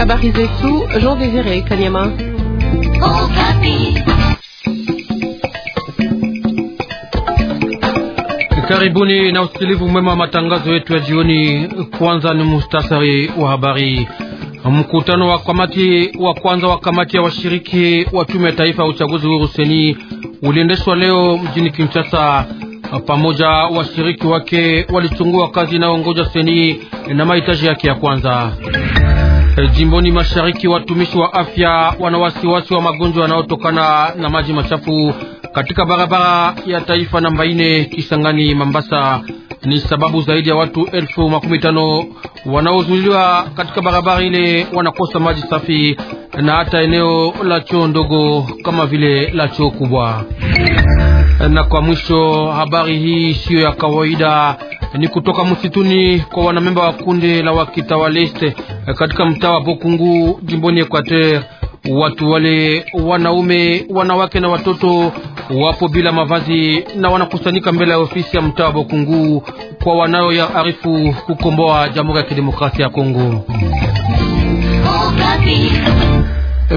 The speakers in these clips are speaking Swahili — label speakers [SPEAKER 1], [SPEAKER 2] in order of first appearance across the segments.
[SPEAKER 1] Habari zetu Jean Désiré
[SPEAKER 2] Kanyama.
[SPEAKER 3] Karibuni na usikilivu mwema wa matangazo yetu ya jioni. Kwanza ni mustasari wa habari. Mkutano wa kamati wa kwanza wa kamati ya washiriki wa tume ya taifa ya uchaguzi huru seni uliendeshwa leo mjini Kinshasa pamoja washiriki wake walichungua kazi inayoongoja seni na mahitaji yake ya kwanza. E, jimboni mashariki, watumishi wa afya wana wasiwasi wa magonjwa yanayotokana na maji machafu katika barabara ya taifa namba ine Kisangani Mambasa. Ni sababu zaidi ya watu elfu makumi tano wanaozuiliwa katika barabara ile wanakosa maji safi na hata eneo la choo ndogo kama vile la choo kubwa. Na kwa mwisho, habari hii siyo ya kawaida, ni kutoka msituni kwa wanamemba wa kundi la wakitawaliste katika mtaa wa Bokungu jimboni Equateur. Watu wale wanaume, wanawake na watoto wapo bila mavazi na wanakusanyika mbele ya ofisi ya mtaa wa Bokungu kwa wanayo ya arifu kukomboa Jamhuri ya Kidemokrasia ya Kongo.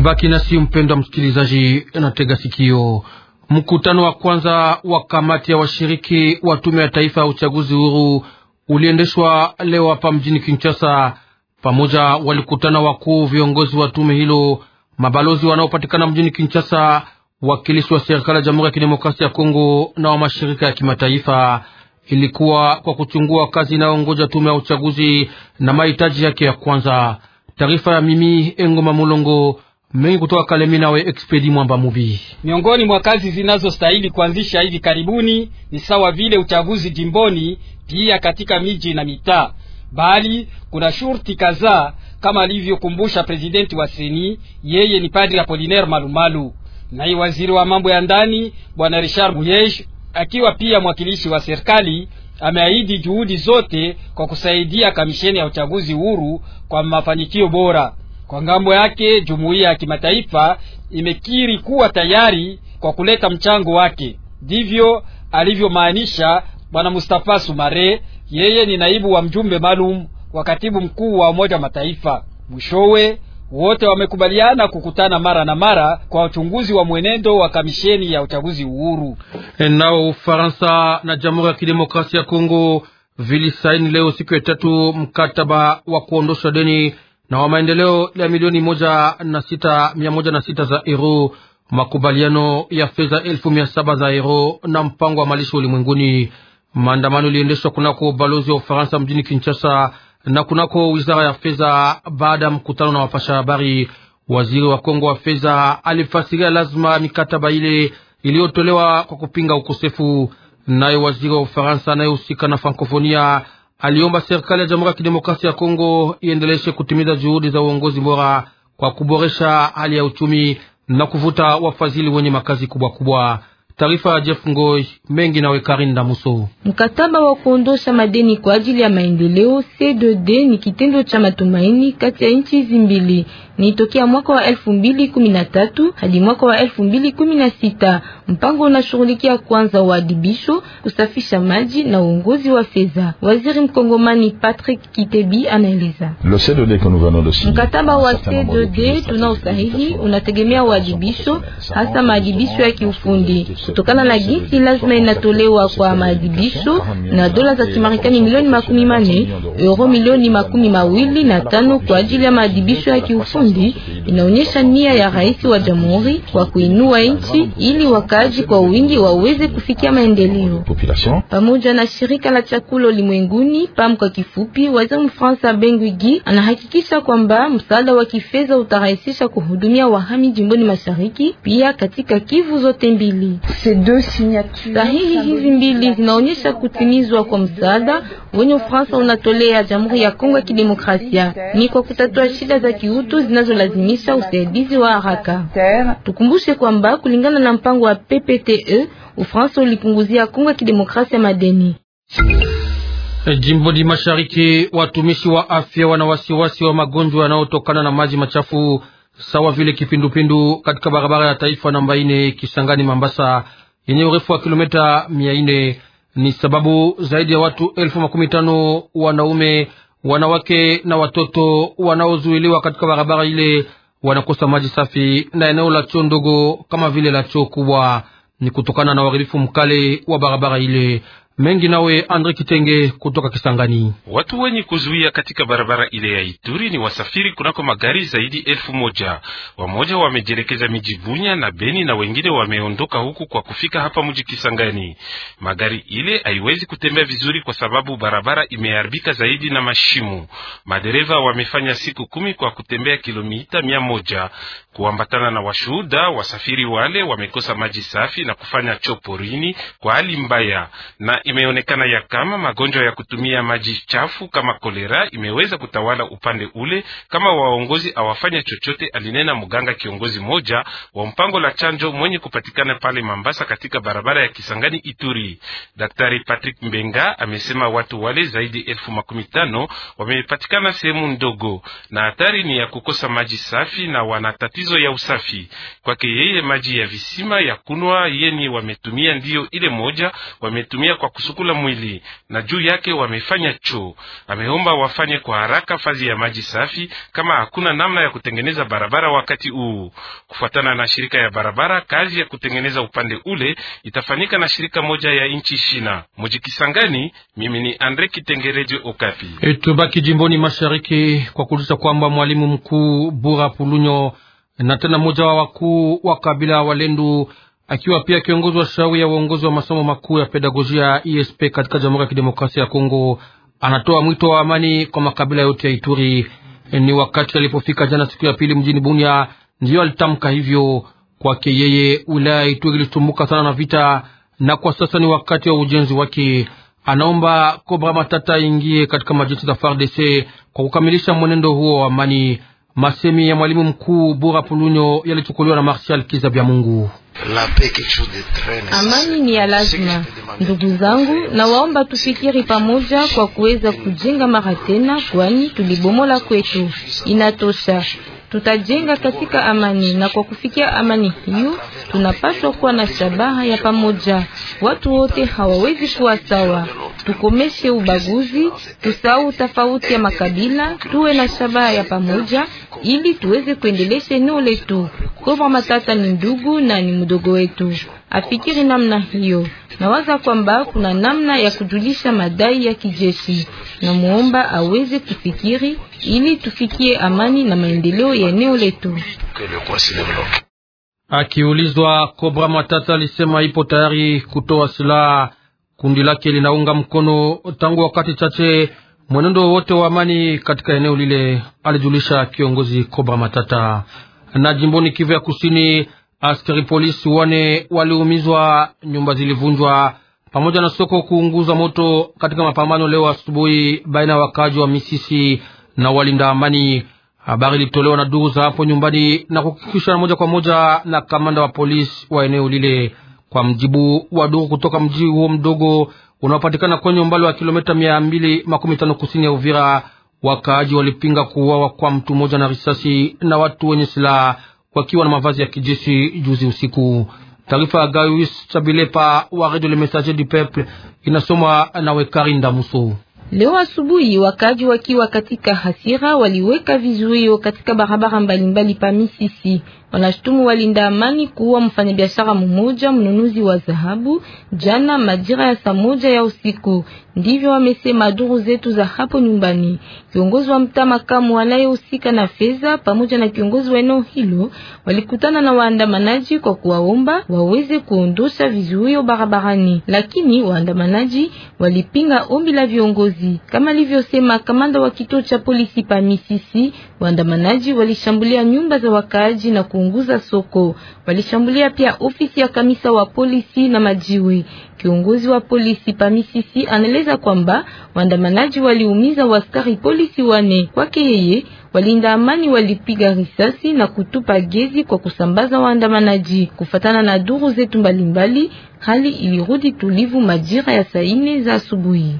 [SPEAKER 3] Baki nasi mpendwa msikilizaji, natega sikio. Mkutano wa kwanza wa kamati ya washiriki wa tume ya taifa ya uchaguzi huru uliendeshwa leo hapa mjini Kinshasa. Pamoja walikutana wakuu viongozi wa tume hilo, mabalozi wanaopatikana mjini Kinshasa, wakilishi wa serikali ya Jamhuri ya Kidemokrasia ya Kongo na wa mashirika ya kimataifa. Ilikuwa kwa kuchungua kazi inayongoja tume ya uchaguzi na mahitaji yake ya kwanza. Taarifa ya mimi Engoma Mulongo mengi kutoka Kalemi nawe Expedi Mwamba Mubi. Miongoni mwa kazi zinazostahili kuanzisha hivi karibuni ni sawa vile uchaguzi jimboni, pia katika miji na mitaa, bali kuna shurti kadhaa kama alivyokumbusha presidenti wa Seni, yeye ni Padri Apolinaire Malumalu, naye waziri wa mambo ya ndani Bwana Richard Muyej akiwa pia mwakilishi wa serikali ameahidi juhudi zote kwa kusaidia kamisheni ya uchaguzi huru kwa mafanikio bora. Kwa ngambo yake, jumuiya ya kimataifa imekiri kuwa tayari kwa kuleta mchango wake. Ndivyo alivyomaanisha Bwana Mustafa Sumare, yeye ni naibu wa mjumbe maalum wa katibu mkuu wa Umoja Mataifa. Mwishowe wote wamekubaliana kukutana mara na mara kwa uchunguzi wa mwenendo wa kamisheni ya uchaguzi uhuru. E, nao Ufaransa na Jamhuri ya Kidemokrasia ya Kongo vilisaini leo siku ya tatu mkataba wa kuondosha deni na wa maendeleo ya milioni moja na sita mia moja na sita za euro, makubaliano ya fedha elfu mia saba za euro na mpango wa malisho ulimwenguni. Maandamano iliendeshwa kunako ubalozi wa Ufaransa mjini Kinshasa na kunako wizara ya fedha. Baada ya mkutano na wapasha habari, waziri wa Kongo wa fedha alifasiria lazima mikataba ile iliyotolewa kwa kupinga ukosefu. Naye waziri wa Ufaransa anayehusika na Frankofonia aliomba serikali ya Jamhuri ya Kidemokrasia ya Kongo iendeleshe kutimiza juhudi za uongozi bora kwa kuboresha hali ya uchumi na kuvuta wafadhili wenye makazi kubwa kubwa. Taarifa ya Jeff Ngoi mengi nawe Karinda Muso.
[SPEAKER 4] Mkataba wa kuondosha madeni kwa ajili ya maendeleo C2D ni kitendo cha matumaini kati ya nchi hizi mbili ni tokea mwaka wa 2013 hadi mwaka wa 2016. Mpango unashughulikia kwanza uadibisho, kusafisha maji na uongozi wa fedha. Waziri mkongomani Patrick Kitebi anaeleza
[SPEAKER 2] mkataba wa CDD
[SPEAKER 4] tunaosahihi unategemea uadibisho, hasa maadibisho ya kiufundi kutokana na jinsi lazima inatolewa kwa maadibisho na dola za Kimarekani milioni makumi manne euro milioni makumi mawili na tano kwa ajili ya maadibisho ya kiufundi. Burundi inaonyesha nia ya rais wa jamhuri kwa kuinua nchi ili wakaji kwa wingi waweze kufikia maendeleo. Pamoja na shirika la chakula ulimwenguni PAM kwa kifupi, waziri Mfaransa Benguigi anahakikisha kwamba msaada wa kifedha utarahisisha kuhudumia wahami jimboni mashariki, pia katika Kivu zote mbili. Sahihi hizi mbili zinaonyesha kutimizwa kwa msaada wenye Ufaransa unatolea Jamhuri ya Kongo ya Kidemokrasia ni kwa kutatua shida za kiutu zina zinazolazimisha usaidizi wa haraka. Tukumbushe kwamba kulingana na mpango wa PPTE, Ufaransa ulipunguzia Kongo ya Kidemokrasia madeni. Eh,
[SPEAKER 3] jimbo Jimboni mashariki, watumishi wa afya wana wasiwasi wa magonjwa yanayotokana na maji machafu sawa vile kipindupindu katika barabara ya taifa namba ine Kisangani Mambasa yenye urefu wa kilomita mia ine. Ni sababu zaidi ya watu elfu makumi tano wanaume wanawake na watoto wanaozuiliwa katika barabara ile wanakosa maji safi na eneo la choo ndogo kama vile la choo kubwa. Ni kutokana na uharibifu mkali wa barabara ile mengi nawe Andre Kitenge kutoka Kisangani.
[SPEAKER 2] Watu wenye kuzuia katika barabara ile ya Ituri ni wasafiri kunako magari zaidi elfu moja. Wamoja wamejielekeza miji Bunya na Beni na wengine wameondoka huku kwa kufika hapa mji Kisangani. Magari ile haiwezi kutembea vizuri kwa sababu barabara imeharibika zaidi na mashimo. Madereva wamefanya siku kumi kwa kutembea kilomita mia moja kuambatana na washuhuda. Wasafiri wale wamekosa maji safi na kufanya choporini kwa hali mbaya na imeonekana ya kama magonjwa ya kutumia maji chafu kama kolera imeweza kutawala upande ule, kama waongozi awafanye chochote, alinena mganga kiongozi moja wa mpango la chanjo mwenye kupatikana pale Mambasa katika barabara ya Kisangani Ituri. Daktari Patrick Mbenga amesema watu wale zaidi elfu makumi tano wamepatikana sehemu ndogo, na hatari ni ya kukosa maji safi na wana tatizo ya usafi. Kwake yeye maji ya visima ya kunwa yeni wametumia ndiyo ile moja wametumia kwa kusukula mwili na juu yake wamefanya choo. Ameomba wafanye kwa haraka fazi ya maji safi, kama hakuna namna ya kutengeneza barabara wakati huu. Kufuatana na shirika ya barabara, kazi ya kutengeneza upande ule itafanyika na shirika moja ya nchi Shina Mujikisangani. Mimi ni Andre Kitengereje, Okapi.
[SPEAKER 3] E, tubaki jimboni mashariki kwa kujulisha kwamba mwalimu mkuu Bura Pulunyo na tena mmoja wa wakuu wa kabila Walendu akiwa pia kiongozi wa shauri ya uongozi wa masomo makuu ya pedagojia ESP katika Jamhuri ya Kidemokrasia ya Kongo, anatoa mwito wa amani kwa makabila yote ya Ituri. Ni wakati alipofika jana siku ya pili mjini Bunia ndiyo alitamka hivyo. Kwake yeye, wilaya ya Ituri ilitumbuka sana na vita, na kwa sasa ni wakati wa ujenzi wake. Anaomba Kobra Matata ingie katika majeshi za FARDC kwa kukamilisha mwenendo huo wa amani. Masemi ya mwalimu mkuu Bora Pulunyo yalichukuliwa na marshal Kiza vya Mungu.
[SPEAKER 4] Amani ni ya lazima, ndugu zangu, na waomba tufikiri pamoja kwa kuweza kujenga mara tena, kwani tulibomola kwetu. Inatosha tutajenga katika amani, na kwa kufikia amani hiyo tunapaswa kuwa na shabaha ya pamoja. Watu wote hawawezi kuwa sawa. Tukomeshe ubaguzi, tusahau tofauti ya makabila, tuwe na shabaha ya pamoja ili tuweze kuendelesha eneo letu. Kwa Matata ni ndugu na ni mdogo wetu afikiri namna hiyo. Nawaza kwamba kuna namna ya kujulisha madai ya kijeshi, na muomba aweze kufikiri ili tufikie amani na maendeleo ya eneo letu.
[SPEAKER 3] Akiulizwa, Kobra Matata alisema ipo tayari kutoa silaha. Kundi lake linaunga mkono tangu wakati chache mwenendo wote wa amani katika eneo lile, alijulisha kiongozi Kobra Matata. Na jimboni Kivu ya Kusini, Askari polisi wane waliumizwa, nyumba zilivunjwa pamoja na soko kuunguza moto katika mapambano leo asubuhi baina ya wakaaji wa Misisi na walinda amani. Habari ilitolewa na duru za hapo nyumbani na kuhakikishwa moja kwa moja na kamanda wa polisi wa eneo lile. Kwa mjibu wa duru kutoka mji huo mdogo unaopatikana kwenye umbali wa kilomita mia mbili makumi tano kusini ya Uvira, wakaaji walipinga kuuawa kwa mtu mmoja na risasi na watu wenye silaha wakiwa na mavazi ya kijeshi juzi usiku. Taarifa ya Gaius Chabilepa wa Radio Le Messager du Peuple inasomwa na Wekari Ndamuso.
[SPEAKER 4] Leo asubuhi wakaji wakiwa katika hasira waliweka vizuio katika barabara mbalimbali pa Misisi wanashutumu walinda amani kuua mfanyabiashara mmoja mnunuzi wa dhahabu jana majira ya saa moja ya usiku. Ndivyo wamesema duru zetu za hapo nyumbani. Kiongozi wa mtaa makamu anayehusika na fedha pamoja na kiongozi wa eneo hilo walikutana na waandamanaji kwa kuwaomba waweze kuondosha vizuio barabarani, lakini waandamanaji walipinga ombi la viongozi kama alivyosema kamanda wa kituo cha polisi pa Misisi. Waandamanaji walishambulia nyumba za wakaaji na ku kupunguza soko. Walishambulia pia ofisi ya kamisa wa polisi na majiwe. Kiongozi wa polisi Pamisisi anaeleza kwamba waandamanaji waliumiza waskari polisi wane. Kwake yeye, walinda amani walipiga risasi na kutupa gezi kwa kusambaza waandamanaji. Kufatana na duru zetu mbalimbali, hali ilirudi tulivu majira ya saa za asubuhi.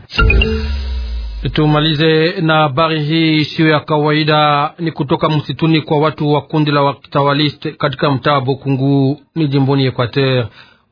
[SPEAKER 3] Tumalize na habari hii isiyo ya kawaida, ni kutoka msituni kwa watu wa kundi la watawalist katika mtaa Bokungu ni jimboni Equateur.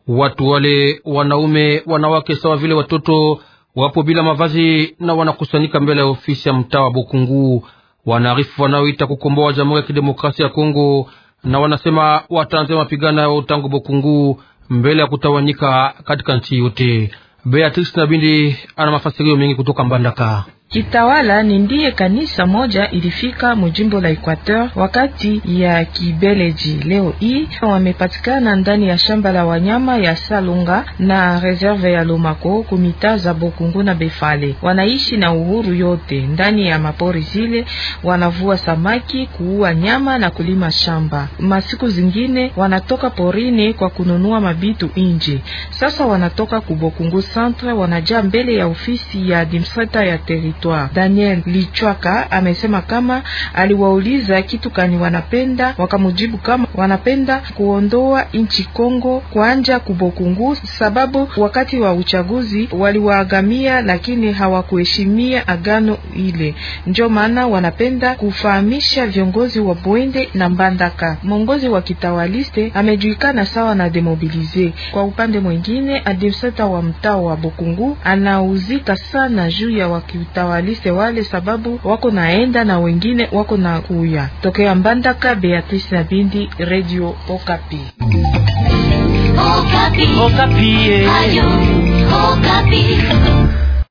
[SPEAKER 3] Watu wale wanaume, wanawake sawa vile watoto wapo bila mavazi na wanakusanyika mbele ya ofisi ya mtaa wa Bokungu. Wanaarifu wanaoita kukomboa wa Jamhuri ya Kidemokrasia ya Kongo na wanasema wataanza mapigano yao tangu Bokungu mbele ya kutawanyika katika nchi yote. Beatrice Nabindi ana mafasirio mengi kutoka Mbandaka.
[SPEAKER 1] Kitawala ni ndiye kanisa moja ilifika mujimbo la Equateur wakati ya kibeleji. Leo hii wamepatikana ndani ya shamba la wanyama ya Salunga na reserve ya Lomako kumita za Bokungu na Befale. Wanaishi na uhuru yote ndani ya mapori zile, wanavua samaki, kuua nyama na kulima shamba. Masiku zingine wanatoka porini kwa kununua mabitu inji Sasa wanatoka kubokungu centre, wanajaa mbele ya ofisi ya administrateur ya territoire Victoire. Daniel Lichwaka amesema kama aliwauliza kitu kani wanapenda, wakamujibu kama wanapenda kuondoa nchi Kongo kuanja kubokungu, sababu wakati wa uchaguzi waliwaagamia, lakini hawakuheshimia agano ile, njo maana wanapenda kufahamisha viongozi wa Bwende na Mbandaka. Mwongozi wa kitawaliste amejulikana sawa na demobilize. Kwa upande mwingine, adimseta wa mtaa wa Bokungu anauzika sana juu ya wakiutawala waalise wale sababu wako naenda na wengine wako na kuya tokea Mbandaka. Beatrice na Bindi, Radio Okapi.
[SPEAKER 3] Okapi. Okapi. Eh. Okapi.